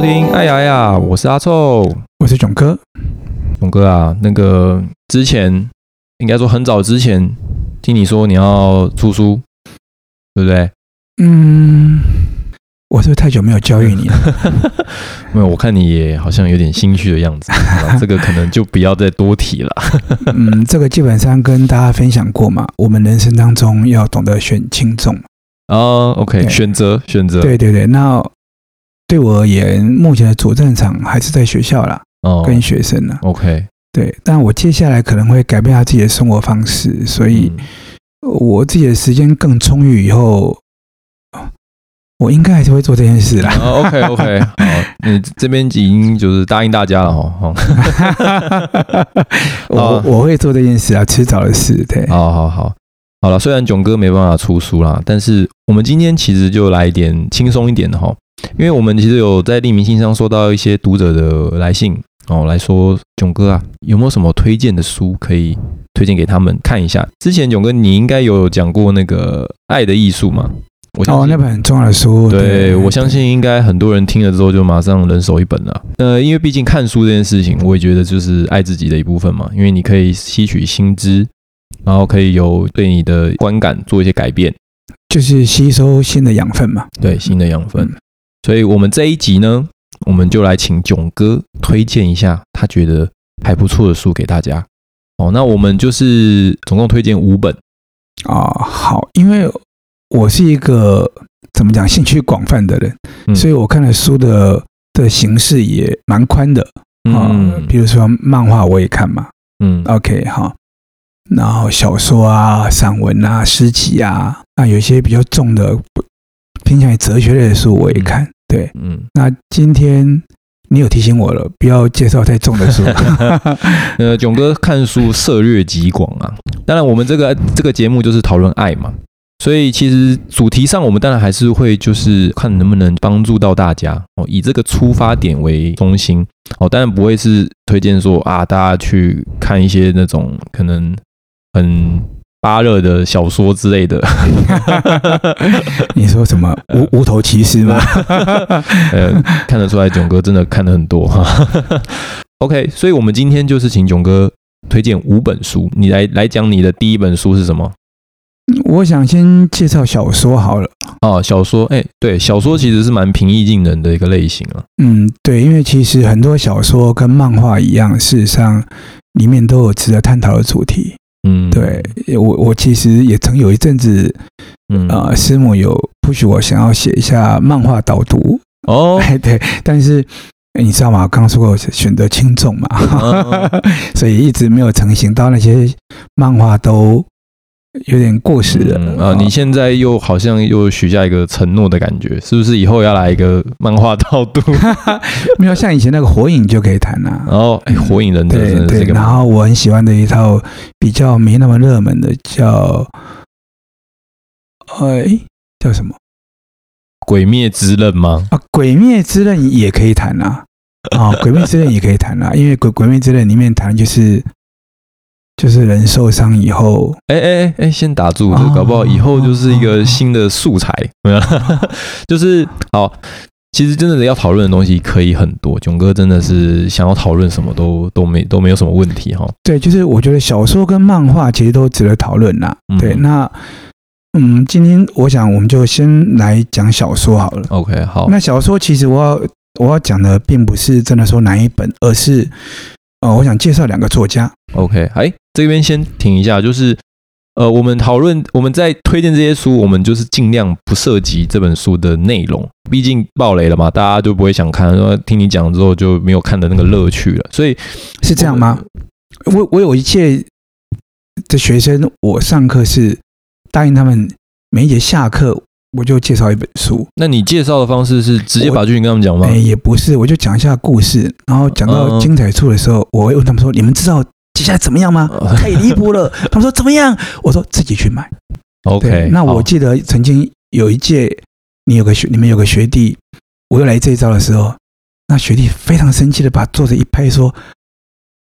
聽，哎呀呀，我是阿臭，我是炯哥，炯哥啊，那個之前應該說很早之前聽你說你要出書，對不對？嗯，我是不是太久沒有教育你了， 沒有，我看你也好像有點心虛的樣子， 這個可能就不要再多提了。 嗯，這個基本上跟大家分享過嘛，我們人生當中要懂得選輕重。哦、oh，OK，選擇選擇，對對對，那。對我而言，目前的主戰場還是在學校啦、oh，跟學生啦。OK，對，但我接下來可能會改變下自己的生活方式，所以我自己的時間更充裕以後，我應該還是會做這件事啦、oh, okay, okay, 好。OK，OK，你這邊已經就是答應大家了哈。 我、 啊、我會做這件事啊，遲早的事。對，好好好，好了。雖然炯哥沒辦法出書啦，但是我們今天其實就來一點輕鬆一點的、喔、哈。因為我們其實有在匿名信上收到一些讀者的來信哦，來說炯哥啊，有沒有什麼推薦的書可以推薦給他們看一下？之前炯哥你應該有講過那個《愛的藝術》嘛？哦，那本很重要的書，對，對我相信應該很多人聽了之後就馬上人手一本了。呃，因為畢竟看書這件事情，我也覺得就是愛自己的一部分嘛，因為你可以吸取新知，然後可以有對你的觀感做一些改變，就是吸收新的養分嘛。對，新的養分。嗯所以，我們這一集呢，我們就來請炯哥推薦一下他覺得還不錯的書給大家。哦，那我們就是總共推薦五本啊、哦。好，因為我是一個怎麼講，興趣廣泛的人，嗯、所以我看的書的的形式也蠻寬的、哦、嗯比如說漫畫我也看嘛，嗯，OK 哈，然後小說啊、散文啊、詩集啊，啊，有一些比較重的。偏向於哲學類的書我也看，嗯，對，嗯，那今天你有提醒我了，不要介紹太重的書 。 呃，炯哥看書涉獵極廣啊，當然我們這個這個節目就是討論愛嘛，所以其實主題上我們當然還是會就是看能不能幫助到大家哦，以這個出發點為中心哦，當然不會是推薦說啊大家去看一些那種可能很。芭樂的小說之類的， 你說什麼？無無頭騎士嗎？ 呃，看得出來，炯哥真的看了很多。 OK，所以我們今天就是請炯哥推薦五本書，你來來講你的第一本書是什麼？我想先介紹小說好了。哦、啊，小說，哎、欸，對，小說其實是蠻平易近人的一個類型了、啊。嗯，對，因為其實很多小說跟漫畫一樣，事實上裡面都有值得探討的主題。嗯， 對，我我其實也曾有一陣子，啊、呃，師母有 push 我想要寫一下漫畫導讀哦，oh. 對，但是、欸、你知道嗎？我剛剛說過我選擇輕重嘛，oh. 所以一直沒有成型，到那些漫畫都。有點過時了啊、哦！你現在又好像又許下一個承諾的感覺，是不是？以後要來一個漫畫套路哈，沒有像以前那個《火影》就可以談了、啊。然、哦、後、嗯，《火影忍者》真的是一個對對，然後我很喜歡的一套比較沒那麼熱門的叫哎、欸、叫什麼《鬼滅之刃》嗎？啊，《鬼滅之刃》也可以談啊！啊、 哦，《鬼滅之刃》也可以談啊，因為鬼《鬼鬼滅之刃》裡面談就是。就是人受傷以後，哎哎哎，先打住了、哦，搞不好以後就是一個新的素材，沒、哦、有。哦、 就是好，其實真的要討論的東西可以很多。炯哥真的是想要討論什麼都都沒都沒有什麼問題哈、哦。對，就是我覺得小說跟漫畫其實都值得討論啦。嗯、對，那嗯，今天我想我們就先來講小說好了。OK，好。那小說其實我要我要講的並不是真的說哪一本，而是。哦，我想介紹兩個作家。OK，哎，這邊先停一下，就是，呃，我們討論，我們在推薦這些書，我們就是盡量不涉及這本書的內容，畢竟爆雷了嘛，大家就不會想看，聽你講之後就沒有看的那個樂趣了。所以是這樣嗎？我我，我有一屆的學生，我上課是答應他們每一節下課。我就介紹一本書，那你介紹的方式是直接把劇情跟他們講嗎？哎，也不是，我就講一下故事，然後講到精彩處的時候，uh -uh. 我會問他們說：“你們知道接下來怎麼樣嗎？”太離譜了。他們說：“怎麼樣？”我說：“自己去買。” OK。那我記得曾經有一屆，oh. 你有，你有個學，你們有個學弟，我又來這一招的時候，那學弟非常生氣的把桌子一拍，說：“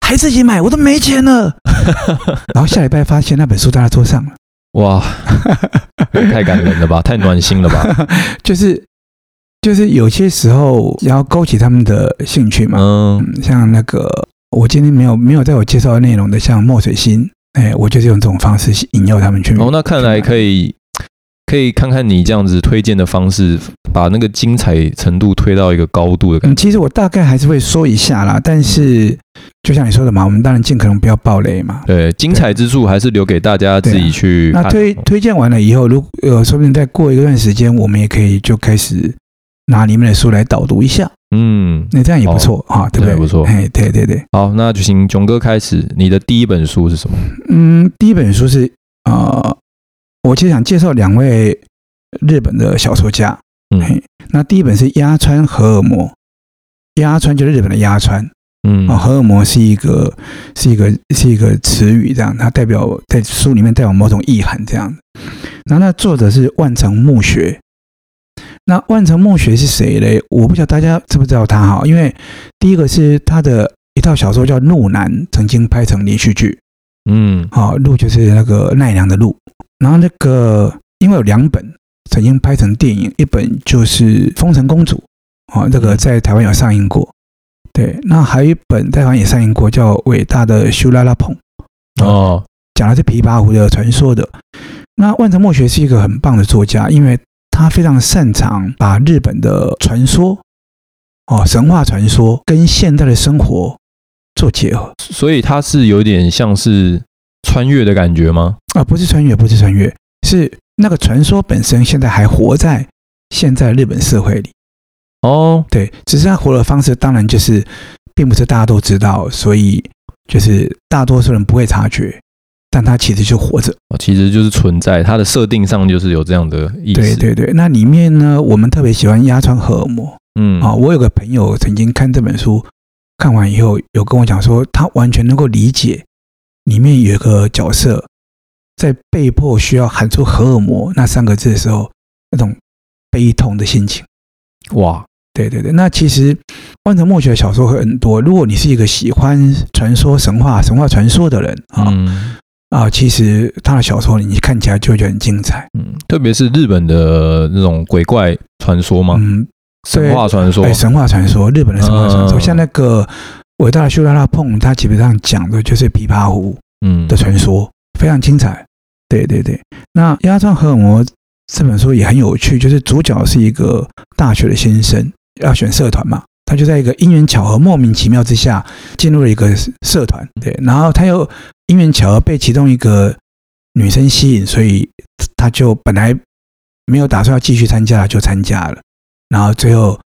還自己買，我都沒錢了。 ”然後下禮拜發現那本書在他桌上了。哇，太感人了吧，太暖心了吧！ 就是就是有些時候要勾起他們的興趣嘛。嗯，嗯，像那個我今天沒有沒有在我介紹的內容的，像墨水心，哎，我就是用這種方式引誘他們去。哦，那看來可以來可以看看你這樣子推薦的方式，把那個精彩程度推到一個高度的感覺。嗯，其實我大概還是會說一下啦，但是。嗯就像你說的嘛，我們當然盡可能不要暴雷嘛。對，精彩之處還是留給大家自己去、啊。那推推薦完了以後，如呃說不定再過一段時間，我們也可以就開始拿你們的書來導讀一下。嗯，那這樣也不錯哈、哦啊，對不對？不錯，哎，對對對。好，那就請炯哥開始。你的第一本書是什麼？嗯，第一本書是啊、呃，我其實想介紹兩位日本的小說家。嗯，那第一本是鴨川荷爾摩，鴨川就是日本的鴨川。嗯啊，荷爾摩是一個是一個是一個詞語，這樣，它代表在書裡面帶有某種意涵，這樣。然後那作者是萬城目學，那萬城目學是誰嘞？我不曉得大家知不知道他哈。因為第一個是他的一套小說叫《鹿男》，曾經拍成連續劇。嗯，好，鹿就是那個奈良的鹿。然後那個因為有兩本曾經拍成電影，一本就是《豐臣公主》啊，那、這個在台灣有上映過。對，那還有一本，台灣也上映過，叫《偉大的修拉拉捧、哦》哦，講的是琵琶湖的傳說的。那萬城目學是一個很棒的作家，因為他非常擅長把日本的傳說，哦，神話傳說跟現代的生活做結合，所以他是有點像是穿越的感覺嗎？啊、哦，不是穿越，不是穿越，是那個傳說本身現在還活在現在日本社會裡。哦、oh，，對，只是他活的方式，當然就是，並不是大家都知道，所以就是大多數人不會察覺，但他其實就活着，哦、其實就是存在，他的設定上就是有這樣的意思。對對對，那裡面呢，我們特別喜歡鴨川荷爾摩。嗯啊、哦，我有個朋友曾經看這本書，看完以後有跟我講說，他完全能夠理解裡面有一個角色在被迫需要喊出荷爾摩那三個字的時候那種悲痛的心情。哇！對對對，那其實萬城目學的小說很多。如果你是一個喜歡傳說、神話、神話傳說的人啊、嗯、啊，其實他的小說你看起來就覺得很精彩。嗯，特別是日本的那種鬼怪傳說嗎？嗯，神話傳說，對、哎，神話傳說，日本的神話傳說，嗯、像那個偉大的《修拉拉碰》，它基本上講的就是琵琶湖嗯的傳說、嗯，非常精彩。對對對，那《鴨川荷爾摩》這本書也很有趣，就是主角是一個大學的先生。要選社團嘛，他就在一個因緣巧合、莫名其妙之下進入了一個社團，對。然後他又因緣巧合被其中一個女生吸引，所以他就本來沒有打算要繼續參加，就參加了。然後最後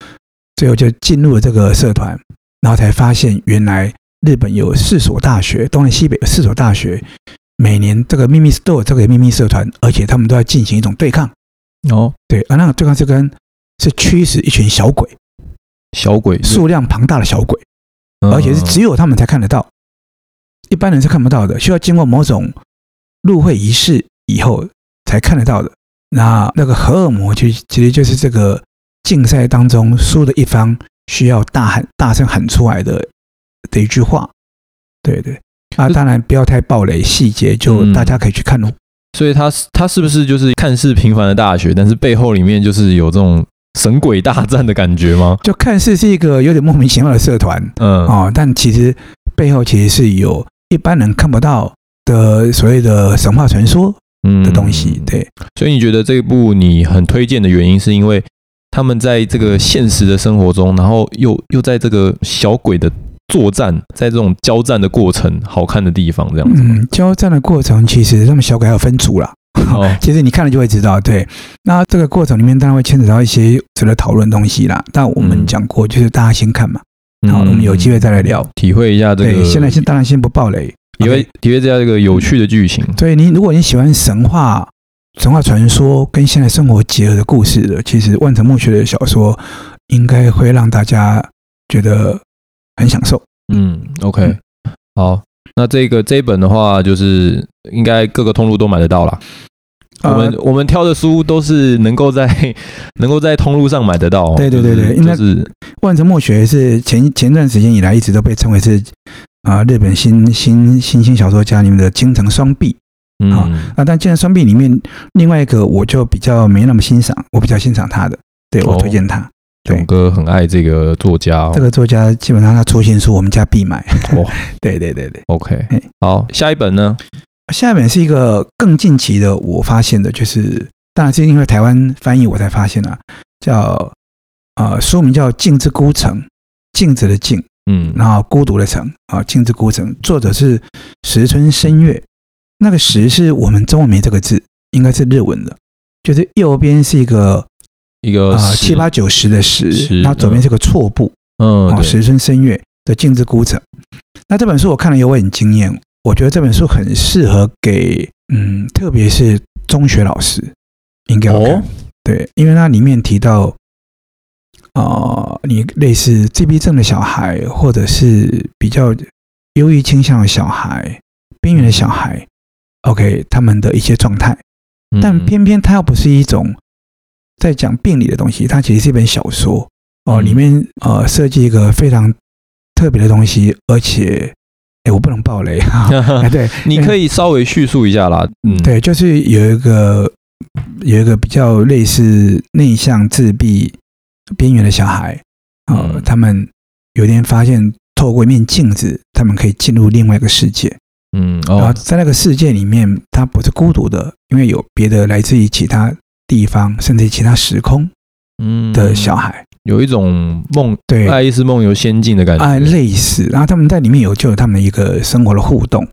最後就進入了這個社團，然後才發現原來日本有四所大學，東南西北有四所大學，每年這個秘密都有這個秘密社團，而且他們都要進行一種對抗。哦，對，而那個對抗是跟。是驅使一群小鬼，小鬼，數量龐大的小鬼，嗯，而且是只有他們才看得到，一般人是看不到的，需要經過某種入會儀式以後才看得到的。那那個荷爾摩就，就其實就是這個競賽當中輸的一方需要大喊，大聲喊出來的的一句話。對對，啊，當然不要太暴雷，細節就大家可以去看哦，嗯。所以他，他他是不是就是看似平凡的大學，但是背後裡面就是有這種。神鬼大戰的感覺嗎？就看似是一個有點莫名其妙的社團，嗯啊、哦，但其實背後其實是有一般人看不到的所謂的神話傳說，嗯的東西、嗯。對，所以你覺得這一部你很推薦的原因，是因為他們在這個現實的生活中，然後又又在這個小鬼的作戰，在這種交戰的過程，好看的地方這樣子。嗯，交戰的過程，其實他們小鬼還有分組啦。哦， 其實你看了就會知道，對。那這個過程裡面當然會牽扯到一些值得討論的東西啦。但我們講過、嗯，就是大家先看嘛，嗯、好，我們有機會再來聊，體會一下這個。對，現在先，當然先不爆雷，體會、okay、體會這樣這個有趣的劇情。嗯、對你，如果你喜歡神話、神話傳說跟現代生活結合的故事的，其實萬城目學的小說應該會讓大家覺得很享受。嗯，OK，嗯好。那這個這一本的話，就是應該各個通路都買得到啦。我們、呃、我們挑的書都是能夠在能夠在通路上買得到，哦。對對對對，是是因為《萬城目學》是前前段時間以來一直都被稱為是啊日本新新新興小說家裡面的“京城雙璧”啊，但“京城雙璧”裡面另外一個我就比較沒那麼欣賞，我比較欣賞他的，對我推薦他，哦。炯哥很愛這個作家、哦，這個作家基本上他出新書我們家必買哦。 對對對對，OK、哎。好，下一本呢？下一本是一個更近期的，我發現的就是，當然是因為台灣翻譯我才發現啊，叫啊、呃、書名叫《鏡之孤城》，鏡子的鏡，嗯，然後孤獨的城啊，《鏡之孤城》，作者是辻村深月，那個辻是我們中文沒這個字，應該是日文的，就是右邊是一個。一個七八九十的十，那、uh, 左邊是個錯步，嗯，辻村深月的鏡之孤城。那這本書我看了以後很驚艷，我覺得這本書很適合給嗯，特別是中學老師應該要看，對，因為它裡面提到，啊、呃，你類似自閉症的小孩，或者是比較憂鬱傾向的小孩、邊緣的小孩，OK，他們的一些狀態、哦，但偏偏它又不是一種。在講病理的東西，它其實是一本小說哦。裡面呃設計一個非常特別的東西，而且哎、欸，我不能爆雷哈、啊 哎。對，你可以稍微敘述一下啦，嗯，對，就是有一個有一個比較類似內向、自閉、邊緣的小孩呃、嗯，他們有一天發現透過一面鏡子，他們可以進入另外一個世界。嗯，哦、然後在那個世界裡面，他不是孤獨的，因為有別的來自於其他。地方，甚至其他時空，嗯，的小孩有一種夢，對，愛麗絲夢遊仙境的感覺，愛，類似。然後他們在裡面有就有他們的一個生活的互動。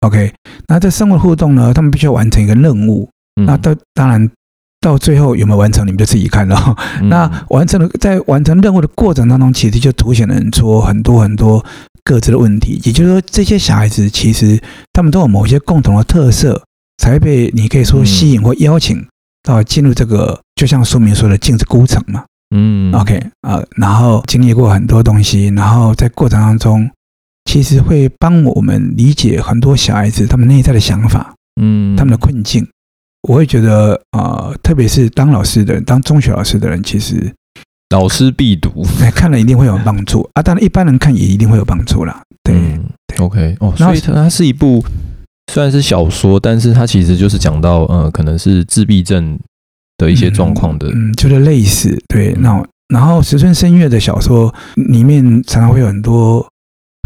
OK，那這生活的互動呢，他們必須要完成一個任務。嗯、那到當然到最後有沒有完成，你們就自己看了、嗯嗯。那完成了，在完成任務的過程當中，其實就凸顯了很多很多各自的問題。也就是說，這些小孩子其實他們都有某些共同的特色，才被你可以說吸引或邀請。嗯到進入這個，就像書名說的“鏡之孤城”嘛，嗯，OK 啊、呃，然後經歷過很多東西，然後在過程當中，其實會幫我們理解很多小孩子他們內在的想法，嗯，他們的困境。嗯、我會覺得啊、呃，特別是當老師的人，當中學老師的人，其實老師必讀，看了一定會有幫助 啊。當然一般人看也一定會有幫助啦。對、嗯、對，OK 哦，所以它是一部。雖然是小說，但是它其實就是講到，呃，可能是自閉症的一些狀況的嗯，嗯，就是類似，對。嗯、那然後辻村深月的小說裡面常常會有很多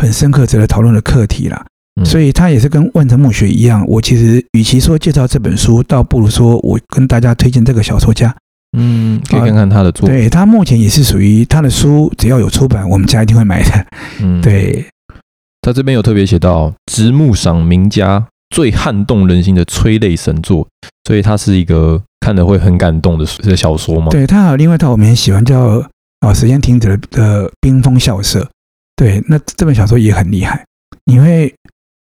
很深刻值得討論的課題啦，嗯、所以它也是跟萬城目學一樣，我其實與其說介紹這本書，倒不如說我跟大家推薦這個小說家，嗯，可以看看他的作品。啊、對他目前也是屬於他的書，只要有出版，我們家一定會買的。嗯，對。他這邊有特別寫到直木賞名家。最撼動人心的催淚神作，所以它是一個看了會很感動的的小說嗎？對，它還有另外一套我們也喜歡叫《啊、哦、時間停止的，的冰封校舍》。對，那這本小說也很厲害，因為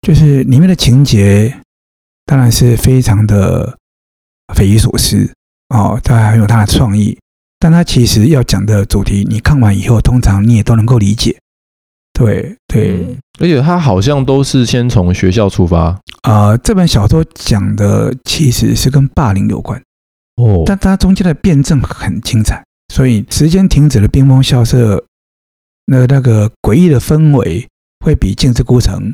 就是裡面的情節當然是非常的匪夷所思哦，它還有它的創意，但它其實要講的主題，你看完以後，通常你也都能夠理解。對對、嗯，而且他好像都是先從學校出發。啊、呃，這本小說講的其實是跟霸凌有關哦，但它中間的辯證很精彩，所以時間停止的冰封校舍，那個、那個詭異的氛圍會比鏡之孤城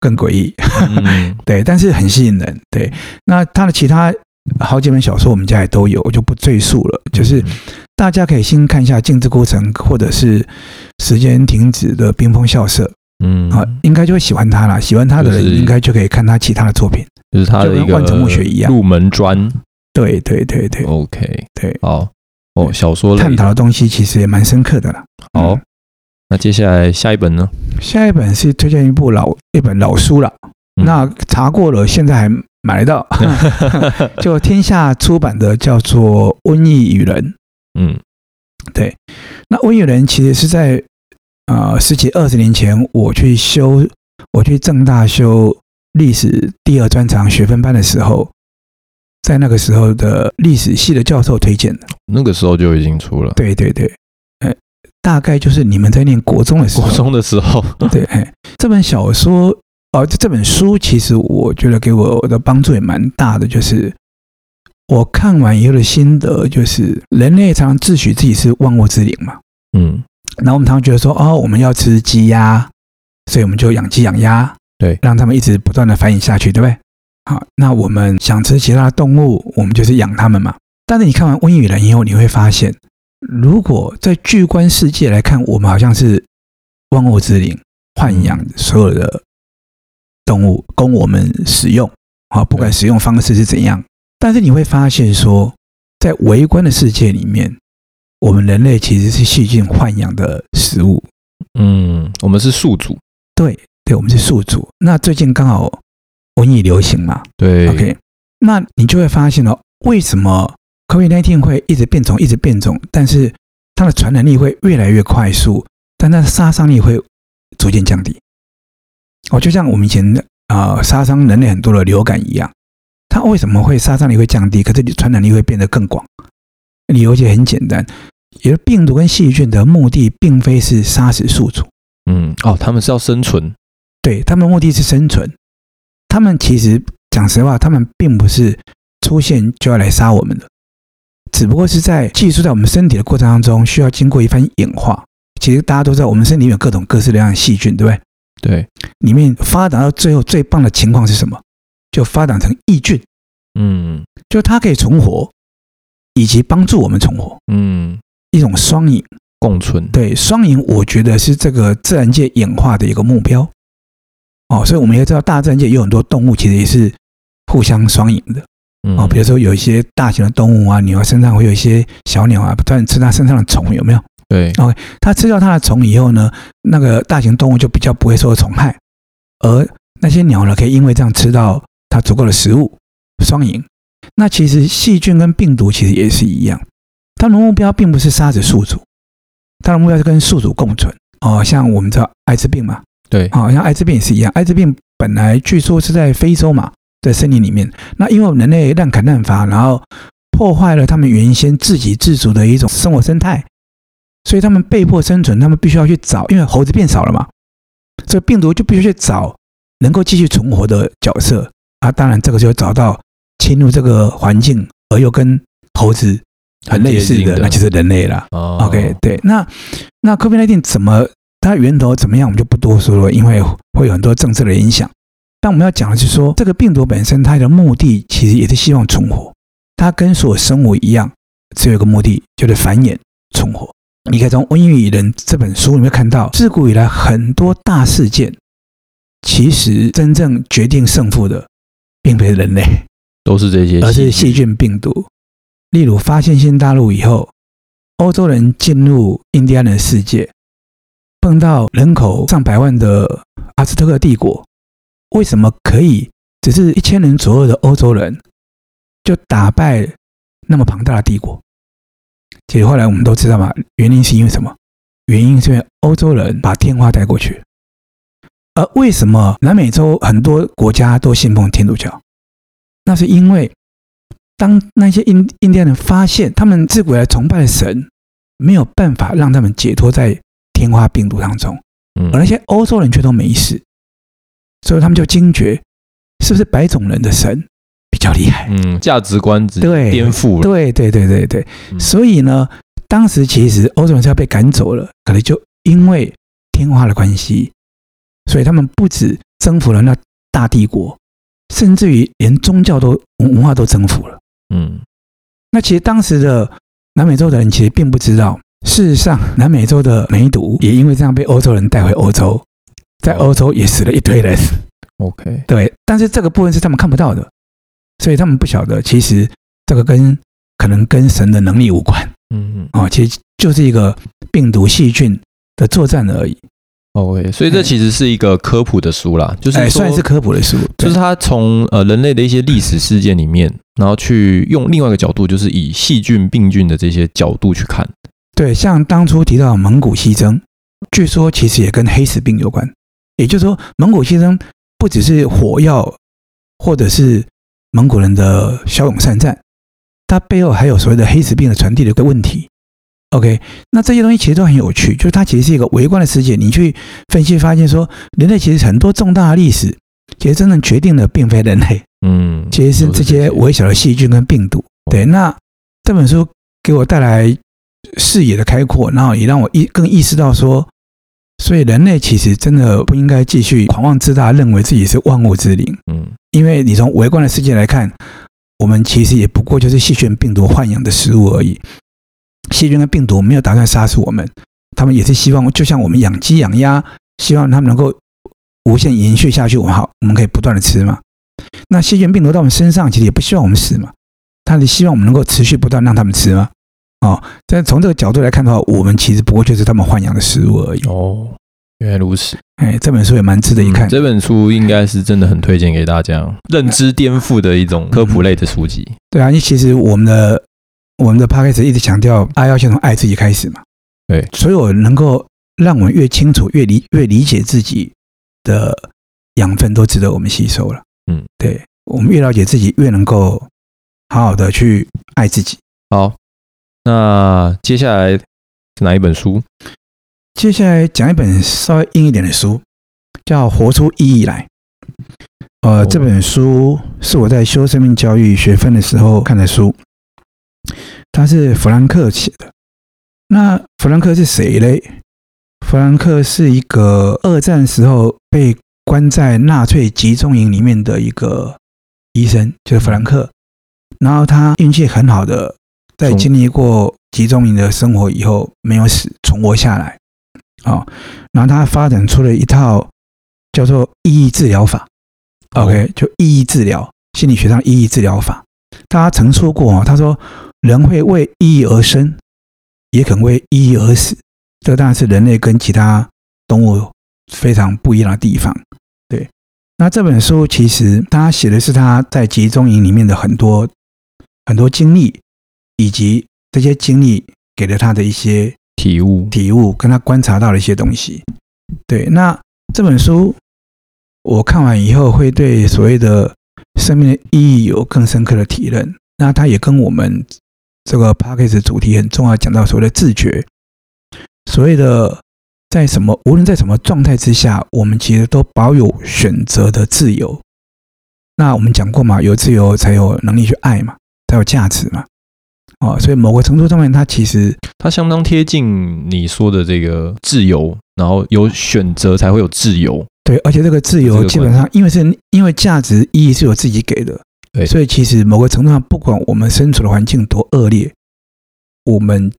更詭異。嗯、 對，但是很吸引人。對，那他的其他好幾本小說我們家裡都有，就不贅述了、嗯。就是。大家可以先看一下鏡之孤城，或者是時間停止的冰封校舍，嗯，啊，應該就會喜歡他了。喜歡他的人，應該就可以看他其他的作品，就是他的就跟萬城目學一樣入門磚。對對對對，OK，對，哦哦，小說的探討的東西其實也蠻深刻的了。好、嗯，那接下來下一本呢？下一本是推薦一部老一本老書了、嗯。那查過了，現在還買得到， 就天下出版的，叫做《瘟疫與人》。嗯，對。那瘟疫與人其實是在啊、呃、十幾二十年前，我去修，我去政大修歷史第二專長學分班的時候，在那個時候的歷史系的教授推薦的。那個時候就已經出了。對對對，哎，大概就是你們在念國中的時候。國中的時候，對，哎，這本小說，哦，這本書其實我覺得給我的幫助也蠻大的，就是。我看完以後的心得就是，人類常常自詡自己是萬物之靈嘛，嗯，然後我們常常覺得說，哦，我們要吃雞鴨，所以我們就養雞養鴨，對，讓他們一直不斷的繁衍下去，對不對？好，那我們想吃其他的動物，我們就是養他們嘛。但是你看完《瘟疫與人》以，以後，你會發現，如果在巨觀世界來看，我們好像是萬物之靈，豢養所有的動物供我們使用，好，不管使用方式是怎樣。但是你會發現說，說在微觀的世界裡面，我們人類其實是細菌豢養的食物。嗯，我們是宿主。對，對，我們是宿主。那最近剛好瘟疫流行嘛。對。OK，那你就會發現了、哦，為什麼 COVID-19 會一直變種，一直變種，但是它的傳染力會越來越快速，但它的殺傷力會逐漸降低。哦，就像我們以前啊、呃、殺傷人類很多的流感一樣。它為什麼會殺傷力會降低？可是你傳染力會變得更廣。理由其實很簡單，因為病毒跟細菌的目的並非是殺死宿主。嗯，哦，他們是要生存。對，他們的目的是生存。他們其實講實話，他們並不是出現就要來殺我們的，只不過是在寄宿在我們身體的過程當中，需要經過一番演化。其實大家都知道我們身體裡面各種各式各樣的細菌，對不對？對。裡面發展到最後最棒的情況是什麼？就發展成益菌，嗯，就它可以存活，以及幫助我們存活，嗯，一種雙贏共存。對，雙贏，我覺得是這個自然界演化的一個目標。哦，所以我們也知道，大自然界有很多動物其實也是互相雙贏的。哦、嗯，比如說有一些大型的動物啊，牛身上會有一些小鳥啊，不斷吃它身上的蟲，有沒有？對，OK，它吃掉它的蟲以後呢，那個大型動物就比較不會受到蟲害，而那些鳥呢，可以因為這樣吃到。足夠的食物，雙贏。那其實細菌跟病毒其實也是一樣，它的目標並不是殺死宿主，它的目標是跟宿主共存。哦，像我們知道艾滋病嘛，對，好、哦、像艾滋病也是一樣。艾滋病本來據說是在非洲嘛，在森林裡面。那因為人類亂砍亂伐，然後破壞了他們原先自給自足的一種生活生態，所以他們被迫生存，他們必須要去找，因為猴子變少了嘛，這個病毒就必須去找能夠繼續存活的角色。啊，當然，這個就找到侵入這個環境而又跟猴子很類似的，的那就是人類了、哦。OK，對，那那 COVID-19 怎麼它源頭怎麼樣，我們就不多說了，因為會有很多政策的影響。但我們要講的是說，這個病毒本身它的目的其實也是希望存活，它跟所有生物一樣，只有一個目的，就是繁衍存活。嗯、你可以從《瘟疫與人》這本書裡面看到，自古以來很多大事件，其實真正決定勝負的。並非人類，都是這些，而是細菌、病毒。例如，發現新大陸以後，歐洲人進入印第安人世界，碰到人口上百萬的阿茲特克帝國，為什麼可以只是一千人左右的歐洲人就打敗那麼龐大的帝國？其實後來我們都知道嘛，原因是因為什麼？原因是因為歐洲人把天花帶過去。而為什麼南美洲很多國家都信奉天主教？那是因為當那些印印第安人發現他們自古以來崇拜的神沒有辦法讓他們解脫在天花病毒當中，而那些歐洲人卻都沒事，所以他們就驚覺，是不是白種人的神比較厲害？嗯，價值觀之顛覆了。對，對對對對對。所以呢，當時其實歐洲人是要被趕走了，可能就因為天花的關係。所以他們不止徵服了那大帝國，甚至於連宗教都文化都徵服了。嗯，那其實當時的南美洲的人其實並不知道，事實上南美洲的梅毒也因為這樣被歐洲人帶回歐洲，在歐洲也死了一堆人。OK，哦，對，但是這個部分是他們看不到的，所以他們不曉得其實這個跟可能跟神的能力無關。嗯嗯，啊，其實就是一個病毒細菌的作戰而已。Oh, OK，所以這其實是一個科普的書啦，嗯、就是說、欸、算是科普的書，就是他從呃人類的一些歷史事件裡面，然後去用另外一個角度，就是以細菌病菌的這些角度去看。對，像當初提到蒙古西征，據說其實也跟黑死病有關，也就是說蒙古西征不只是火藥或者是蒙古人的驍勇善戰，它背後還有所謂的黑死病的傳遞的一個問題。OK，那這些東西其實都很有趣，就是它其實是一個微觀的世界。你去分析發現說，人類其實很多重大的歷史，其實真正決定的並非人類，嗯，其實是這些微小的細菌跟病毒。嗯、對、哦，那這本書給我帶來視野的開闊，然後也讓我意更意識到說，所以人類其實真的不應該繼續狂妄自大，認為自己是萬物之靈，嗯，因為你從微觀的世界來看，我們其實也不過就是細菌、病毒豢養的食物而已。細菌跟病毒沒有打算殺死我們，他們也是希望，就像我們養雞養鴨，希望他們能夠無限延續下去，我們好，我們可以不斷的吃嘛。那細菌病毒到我們身上，其實也不希望我們死嘛，他是希望我們能夠持續不斷讓他們吃嘛。哦，但是從這個角度來看的話，我們其實不過就是他們豢養的食物而已。哦，原來如此。哎，這本書也蠻值得一看。嗯、這本書應該是真的很推薦給大家，認知顛覆的一種科普類的書籍。嗯嗯、對啊，因為其實我們的。我們的 podcast 一直強調，愛要先從愛自己開始嘛。對，所以，我能夠讓我們越清楚、越理、越理解自己的養分，都值得我們吸收了。嗯，對，我們越了解自己，越能夠好好的去愛自己。好，那接下來是哪一本書？接下來講一本稍微硬一點的書，叫《活出意義來》。呃，oh. 這本書是我在修生命教育學分的時候看的書。他是弗蘭克寫的。那弗蘭克是誰嘞？弗蘭克是一個二戰時候被關在納粹集中營裡面的一個醫生，就是弗蘭克。然後他運氣很好的，在經歷過集中營的生活以後，沒有死，存活下來。哦，然後他發展出了一套叫做意義治療法。OK，就意義治療，心理學上意義治療法。他曾說過，他說。人會為意義而生，也肯為意義而死。這當然是人類跟其他動物非常不一樣的地方。對，那這本書其實他寫的是他在集中營裡面的很多很多經歷，以及這些經歷給了他的一些體悟、體悟跟他觀察到的一些東西。對，那這本書我看完以後會對所謂的生命的意義有更深刻的體認。那他也跟我們。這個 podcast 主題很重要，講到所謂的自覺，所謂的在什麼，無論在什麼狀態之下，我們其實都保有選擇的自由。那我們講過嘛，有自由才有能力去愛嘛，才有價值嘛。哦，所以某個程度上面，它其實它相當貼近你說的這個自由，然後有選擇才會有自由。對，而且這個自由基本上，因為是，因為價值意義是我自己給的。對，所以，其實某個程度上，不管我們身處的環境多惡劣，我們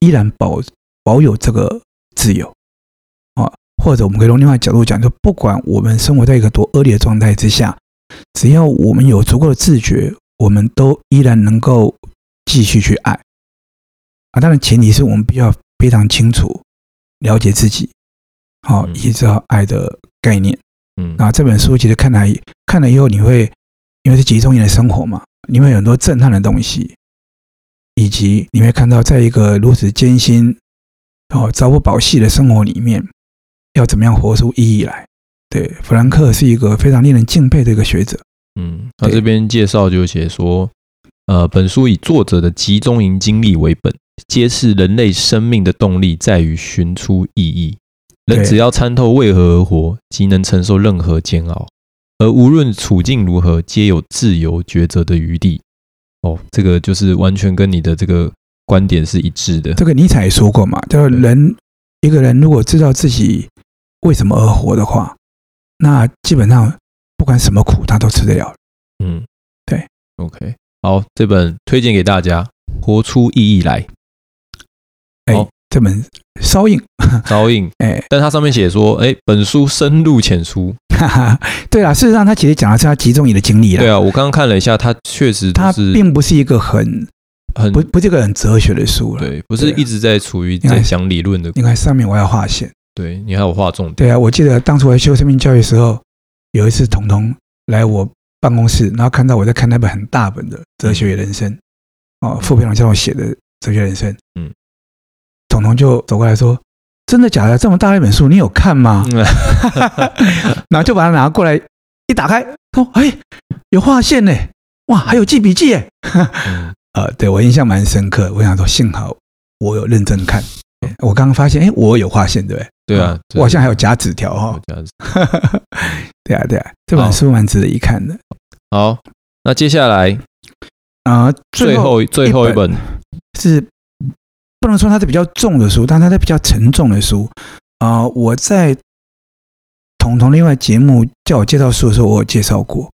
依然保保有這個自由啊、哦。或者，我們可以從另外角度講，說不管我們生活在一個多惡劣的狀態之下，只要我們有足夠的自覺，我們都依然能夠繼續去愛啊。當然，前提是我們必須要非常清楚了解自己，好、哦，依照愛的概念。嗯，那這本書其實看來看了以後，你會。因為是集中營的生活嘛，你會有很多震撼的東西，以及你會看到，在一個如此艱辛、哦，朝不保夕的生活裡面，要怎麼樣活出意義來？對，弗蘭克是一個非常令人敬佩的一個學者。嗯，他這邊介紹就寫說，呃，本書以作者的集中營經歷為本，揭示人類生命的動力在於尋出意義。人只要參透為何而活，即能承受任何煎熬。而無論處境如何，皆有自由抉擇的餘地。哦，這個就是完全跟你的這個觀點是一致的。這個尼采也說過嘛，叫做人，一個人如果知道自己為什麼而活的話，那基本上不管什麼苦他都吃得了。嗯，對。OK，好，這本推薦給大家，活出意義來。欸這本稍硬，稍硬，但它上面寫說、欸，本書深入淺出。 對啊，事實上他其實講的是他集中你的經歷啊。對啊，我剛剛看了一下它確，他確實，他並不是一個很很不不是一個很哲學的書了。對，不是一直在處於在講理論的。你看上面我要畫線，對你還有畫重點。對啊，我記得當初我在修生命教育的時候，有一次童童來我辦公室，然後看到我在看那本很大本的《哲學人生》嗯、哦，副平長教我寫的《哲學人生》。嗯。彤彤就走過來說：“真的假的？這麼大一本書，你有看嗎？” 然後就把它拿過來一打開，哦，說：“哎、欸，有劃線呢，哇，還有記筆記耶！”啊、 呃，對我印象蠻深刻。我想說，幸好我有認真看。我剛剛發現，哎、欸，我有劃線，對不對？對啊，我好像還有夾紙條哈。 對啊，對啊，對這本書蠻值得一看的。好，那接下來，啊、呃，最後最後一本是。不能說它是比較重的書，但它是比較沉重的書啊、呃。我在彤彤另外節目叫我介紹書的時候，我有介紹過。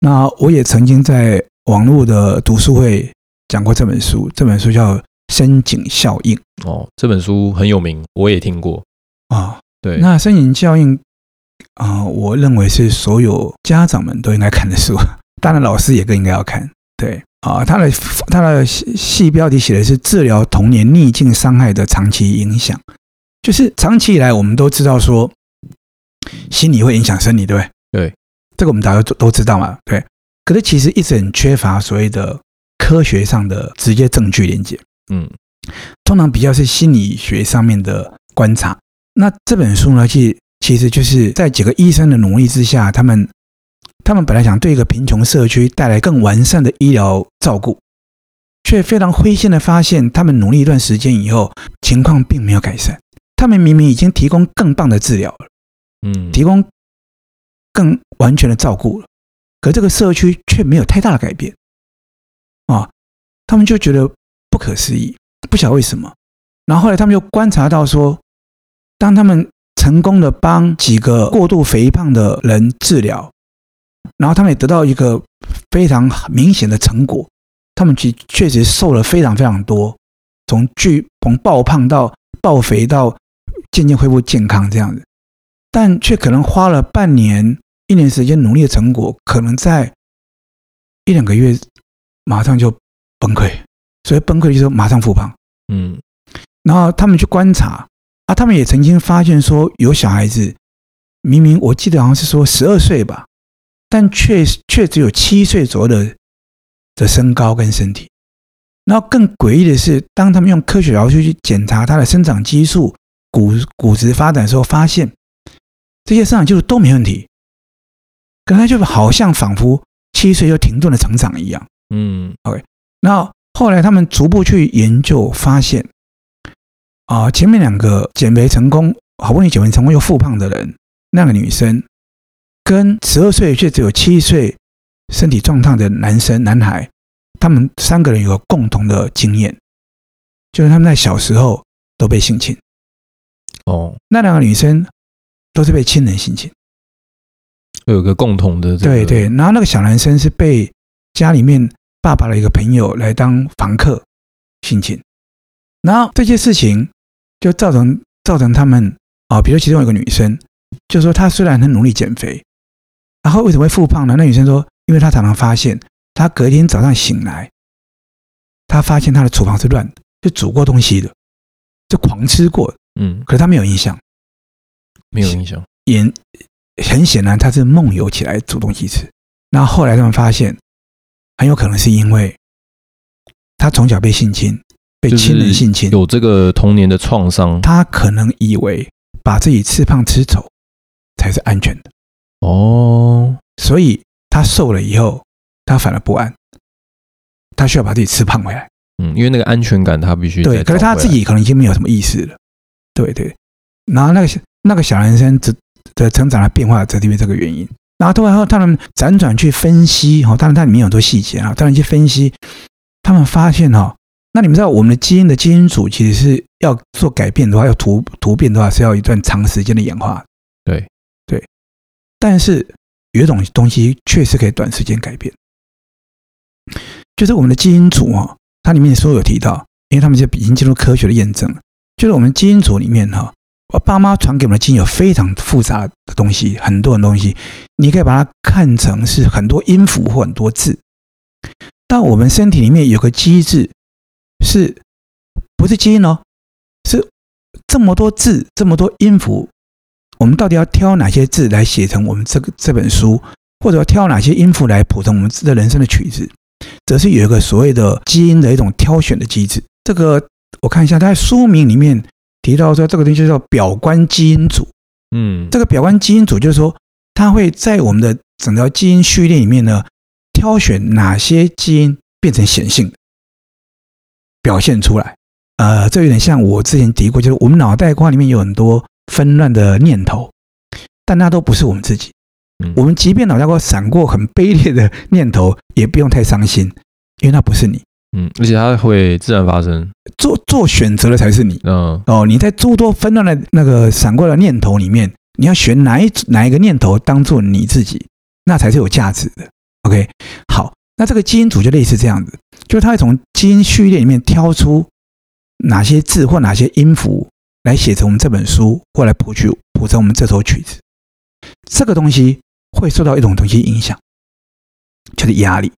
那我也曾經在網絡的讀書會講過這本書，這本書叫《深井效應》。哦，這本書很有名，我也聽過啊、哦。對，那《深井效應》啊、呃，我認為是所有家長們都應該看的書，當然老師也更應該要看。對。啊，他的他的細標題寫的是“治療童年逆境傷害的長期影響”，就是長期以來我們都知道說，心理會影響生理，對不對？對，這個我們大家都都知道嘛，對。可是其實一直很缺乏所謂的科學上的直接證據連接。嗯，通常比較是心理學上面的觀察。那這本書呢，其實其實就是在幾個醫生的努力之下，他們。他們本來想對一個貧窮社區帶來更完善的醫療照顧，卻非常灰心地發現，他們努力一段時間以後，情況並沒有改善。他們明明已經提供更棒的治療了，嗯，提供更完全的照顧了，可這個社區卻沒有太大的改變，啊，他們就覺得不可思議，不曉得為什麼。然後後來他們就觀察到說，當他們成功地幫幾個過度肥胖的人治療，然後他們也得到一個非常明顯的成果，他們其實確實瘦了非常非常多，從巨從爆胖到爆肥到漸漸恢復健康這樣子，但卻可能花了半年一年時間努力的成果，可能在一兩個月馬上就崩潰，所以崩潰就是說馬上復胖，嗯，然後他們去觀察啊，他們也曾經發現說有小孩子，明明我記得好像是說十二歲吧。但卻卻只有七歲左右的,的身高跟身體，然後更詭異的是，當他們用科學儀器去檢查他的生長激素、骨骨質發展的時候，發現這些生長激素都沒問題，可他就好像仿佛七歲就停頓了成長一樣。嗯，OK。那後,後來他們逐步去研究，發現啊，呃，前面兩個減肥成功，好不容易減肥成功又復胖的人，那個女生。跟十二歲却只有七歲身體狀態的男生男孩，他們三個人有個共同的經驗，就是他們在小時候都被性侵。哦，那兩個女生都是被親人性侵，有一個共同的、這個、對，對對。然後那個小男生是被家裡面爸爸的一個朋友來當房客性侵，然後這些事情就造成造成他們啊、哦，比如其中有一個女生，就說她雖然很努力減肥。然後為什麼會復胖呢？那女生說，因為她常常發現，她隔一天早上醒來，她發現她的廚房是亂的，就煮過東西的，就狂吃過，嗯，可是她沒有印象、嗯，沒有印象，也很顯然她是夢遊起來煮東西吃。那後，後來他們發現，很有可能是因為她從小被性侵，被親人性侵，就是、有這個童年的創傷，她可能以為把自己吃胖吃醜才是安全的。哦，所以他瘦了以後，他反而不安，他需要把自己吃胖回來。嗯，因為那個安全感，他必須。對，可是他自己可能已經沒有什麼意識了、嗯。對對，對，然後那個那個小男生的成長的變化，就是因為這個原因。然後突然後，他們輾轉去分析哈，當然他裡面有很多細節啊，當然去分析，他們發現哈、喔，那你們知道我們的基因的基因組其實是要做改變的話，要突突變的話，是要一段長時間的演化。對。但是有一種東西確實可以短時間改變，就是我們的基因組啊，它裡面說有提到，因為他們已經進入科學的驗證，就是我們基因組裡面哈、啊，我爸媽傳給我們的基因有非常複雜的東西，很多種東西，你可以把它看成是很多音符或很多字。但我們身體裡面有個機制是，是不是基因哦？是這麼多字，這麼多音符。我們到底要挑哪些字來寫成我們這個這本書，或者要挑哪些音符來譜成我們的人生的曲子，則是有一個所謂的基因的一種挑選的機制。這個我看一下，它在書名裡面提到說，這個東西叫表觀基因組。嗯，這個表觀基因組就是說，它會在我們的整個基因序列裡面呢，挑選哪些基因變成顯性表現出來。呃，這有點像我之前提過，就是我們腦袋瓜裡面有很多。紛亂的念頭，但那都不是我們自己。嗯，我們即便腦袋瓜閃過很卑劣的念頭，也不用太傷心，因為那不是你。嗯，而且它會自然發生。做做選擇的才是你。嗯，哦，你在諸多紛亂的那個閃過的念頭裡面，你要選哪一哪一個念頭當做你自己，那才是有價值的。OK，好，那這個基因組就類似這樣子，就是它會從基因序列裡面挑出哪些字或哪些音符。來寫成我們這本書，或來譜曲譜成我們這首曲子，這個東西會受到一種東西影響，就是壓力，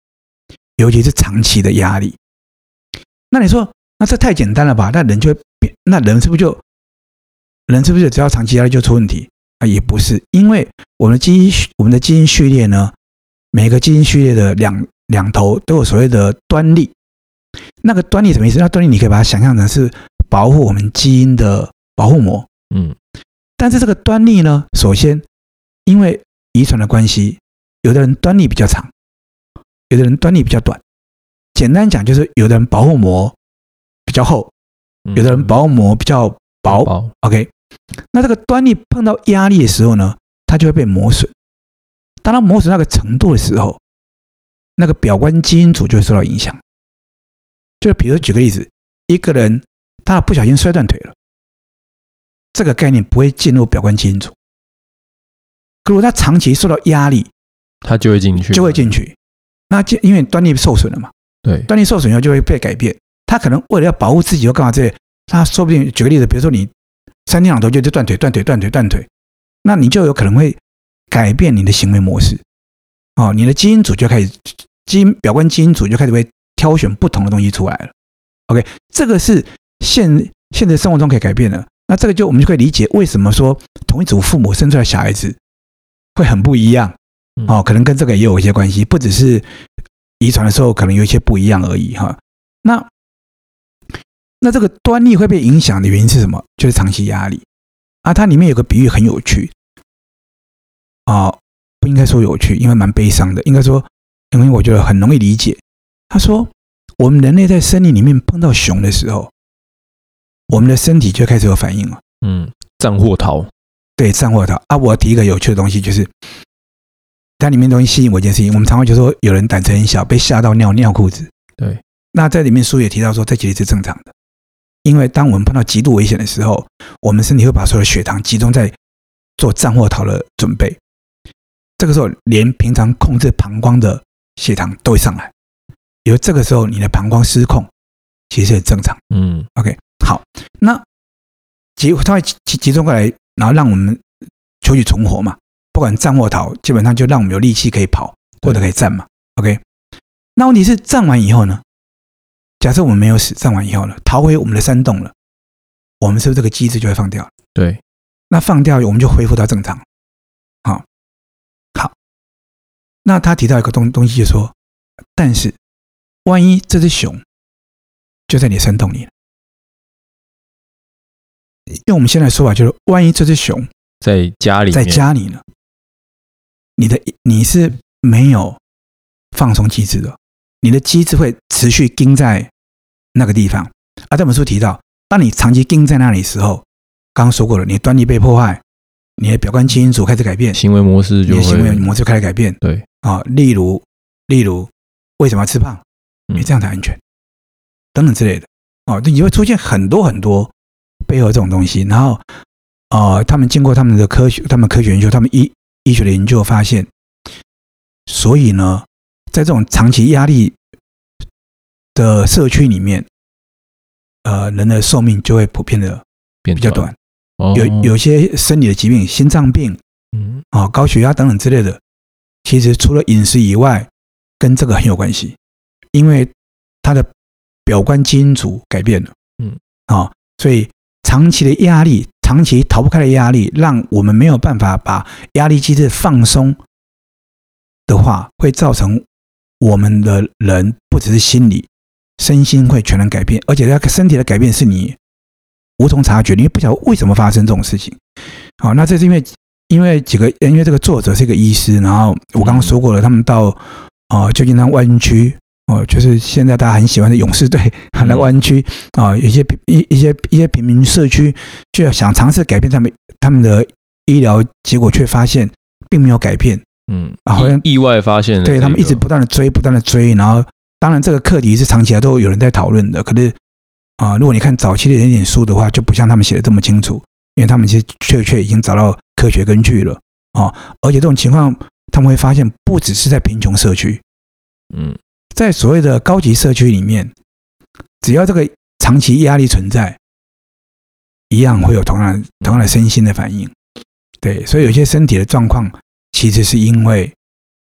尤其是長期的壓力。那你說，那這太簡單了吧？那人就會變，那人是不是就，人是不是就只要長期壓力就出問題？啊，也不是，因為我們的基因，我們的基因序列呢，每個基因序列的兩兩頭都有所謂的端粒。那個端粒什麼意思？那端粒你可以把它想象成是保護我們基因的。保護膜，嗯，但是這個端粒呢，首先因為遺傳的關係，有的人端粒比較長，有的人端粒比較短。簡單講就是，有的人保護膜比較厚，有的人保護膜比較薄。嗯、OK，那這個端粒碰到壓力的時候呢，它就會被磨損。當它磨損那個程度的時候，那個表觀基因組就會受到影響。就比如舉個例子，一個人他不小心摔斷腿了。這個概念不會進入表觀基因組，如果他長期受到壓力，他就會進去，就會進去。那就因為端粒受損了嘛？對，端粒受損以後就會被改變。他可能為了要保護自己，又幹嘛這些？他說不定舉個例子，比如說你三天兩頭就，就斷腿、斷腿、斷腿、斷腿，那你就有可能會改變你的行為模式。嗯。哦，你的基因組就開始，基因，表觀基因組就開始會挑選不同的東西出來了。OK，這個是現現在生活中可以改變的。那這個就我們就可以理解為什麼說同一組父母生出來的小孩子會很不一樣哦，可能跟這個也有一些關係，不只是遺傳的時候可能有一些不一樣而已哈。那那這個端粒會被影響的原因是什麼？就是長期壓力啊。它裡面有個比喻很有趣啊，哦，不應該說有趣，因為蠻悲傷的，應該說因為我覺得很容易理解。他說我們人類在森林裡面碰到熊的時候。我們的身體就開始有反應了。嗯，戰或逃，對，戰或逃啊！我要提一個有趣的東西，就是它裡面東西吸引我一件事情。我們常常就說有人膽子很小，被嚇到尿尿褲子。對，那在裡面書也提到說，這其實是正常的，因為當我們碰到極度危險的時候，我們身體會把所有的血糖集中在做戰或逃的準備。這個時候，連平常控制膀胱的血糖都會上來，因為這個時候你的膀胱失控，其實很正常。嗯，OK。好，那集他會集集中過來，然後讓我們求取存活嘛？不管戰或逃，基本上就讓我們有力氣可以跑或者可以戰嘛。OK。那問題是戰完以後呢？假設我們沒有死，戰完以後呢，逃回我們的山洞了，我們是不是這個機制就會放掉了？對。那放掉，我們就恢復到正常。好，好。那他提到一個東東西，就說：但是萬一這隻熊就在你山洞裡了？用我們現在說法就是，萬一這隻熊在家裡，在家裡呢，你的你是沒有放鬆機制的，你的機制會持續盯在那個地方。啊，這本書提到，當你長期盯在那裡的時候，剛剛說過了，你端粒被破壞，你的表觀基因組開始改變，行為模式就你的行為模式開始改變。對啊、哦，例如，例如，為什麼要吃胖？你這樣才安全，嗯、等等之類的啊，你、哦、會出現很多很多。背後這種東西，然後啊、呃，他們經過他們的科學、他們科學研究、他們醫醫學的研究發現，所以呢，在這種長期壓力的社區裡面，呃，人的壽命就會普遍的比較短，有有些生理的疾病，心臟病，嗯，啊，高血壓等等之類的，其實除了飲食以外，跟這個很有關係，因為它的表觀基因組改變了，嗯，啊、哦，所以。長期的壓力，長期逃不開的壓力，讓我們沒有辦法把壓力機制放鬆的話，會造成我們的人不只是心理、身心會全然改變，而且他身體的改變是你無從察覺，你也不曉得為什麼發生這種事情。好，那這是因為因為幾個，因為這個作者是一個醫師，然後我剛剛說過了，他們到啊舊金山灣區。呃就是現在大家很喜歡的勇士隊，很多灣區、嗯、啊，一些平一一些一些平民社區，就要想嘗試改變他們他們的醫療，結果卻發現並沒有改變。嗯、啊、好像意外發現對，對他們一直不斷的追，不斷的追，然後當然這個課題是長期來都有人在討論的。可是啊，如果你看早期的那點書的話，就不像他們寫的這麼清楚，因為他們其實確確已經找到科學根據了啊，而且這種情況他們會發現不只是在貧窮社區，嗯。在所謂的高級社區裡面，只要這個長期壓力存在，一樣會有同樣同樣的身心的反應。對，所以有些身體的狀況其實是因為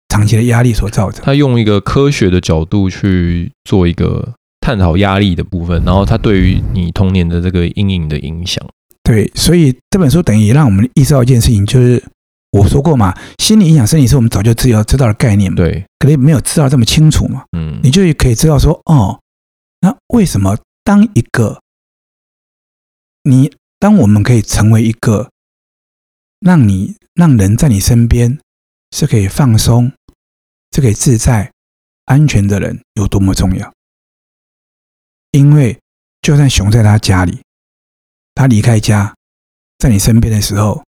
長期的壓力所造成。他用一個科學的角度去做一個探討壓力的部分，然後他對於你童年的這個陰影的影響。對，所以這本書等於讓我們意識到一件事情，就是。我說過嘛，心理影響生理是我們早就知道要知道的概念，對、嗯，可能沒有知道這麼清楚嘛。嗯，你就可以知道說，哦，那為什麼當一個你，當我們可以成為一個讓你讓人在你身邊是可以放鬆、是可以自在、安全的人，有多麼重要？因為就算熊在他家裡，他離開家，在你身邊的時候。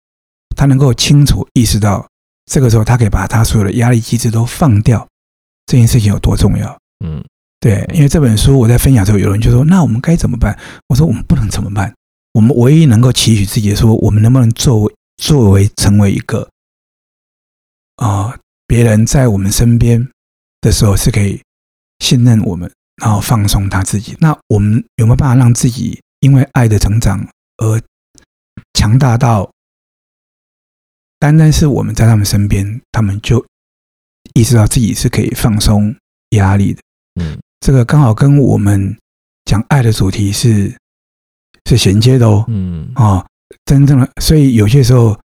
他能夠清楚意識到，這個時候他可以把他所有的壓力機制都放掉，這件事情有多重要。嗯，對，因為這本書我在分享的時候，有人就說：“那我們該怎麼辦？”我說：“我們不能怎麼辦？我們唯一能夠期許自己，說我們能不能作為作為成為一個啊、呃，別人在我們身邊的時候是可以信任我們，然後放鬆他自己。那我們有沒有辦法讓自己因為愛的成長而強大到？”單單是我們在他們身邊，他們就意識到自己是可以放鬆壓力的。嗯，這個剛好跟我們講愛的主題是是銜接的哦。嗯啊，哦，真正的，所以有些時候，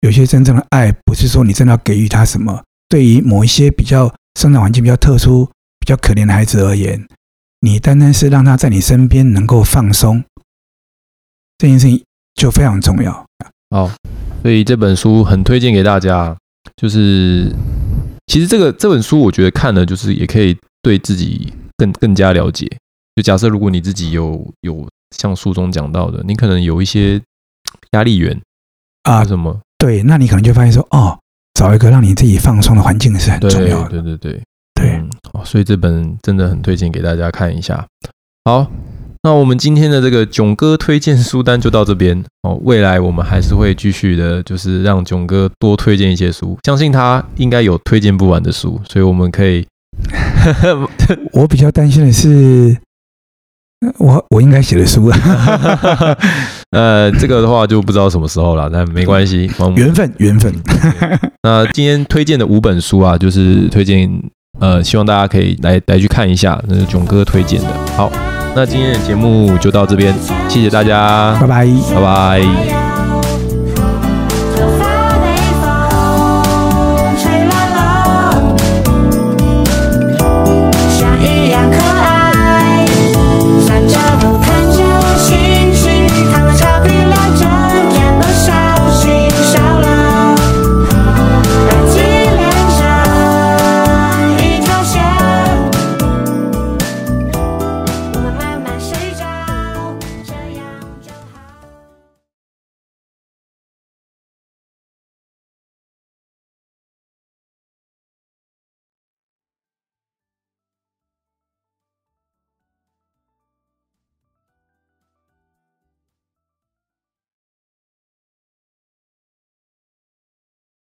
有些真正的愛，不是說你真的要給予他什麼。對於某一些比較生長環境比較特殊、比較可憐的孩子而言，你單單是讓他在你身邊能夠放鬆，這件事情就非常重要。哦。所以這本書很推薦給大家，就是其實這個這本書我覺得看了，就是也可以對自己更更加了解。就假設如果你自己有有像書中講到的，你可能有一些壓力源啊什麼，呃，對，那你可能就發現說，哦，找一個讓你自己放鬆的環境是很重要的。對對對對，對，嗯，所以這本真的很推薦給大家看一下。好。那我們今天的這個炯哥推薦書單就到這邊哦。未來我們還是會繼續的，就是讓炯哥多推薦一些書，相信他應該有推薦不完的書，所以我們可以。我比較擔心的是，我我應該寫的書啊 呃，這個的話就不知道什麼時候了，但沒關係，緣分緣分。緣分 那今天推薦的五本書啊，就是推薦呃，希望大家可以來來去看一下，那是炯哥推薦的。好。那今天的節目就到這邊，謝謝大家，拜拜，拜拜。